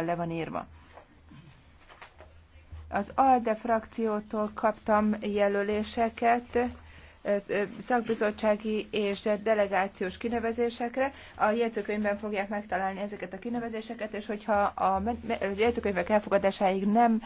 le van írva. Az ALDE frakciótól kaptam jelöléseket szakbizottsági és delegációs kinevezésekre. A jegyzőkönyvben fogják megtalálni ezeket a kinevezéseket, és hogyha a jegyzőkönyvek elfogadásáig nem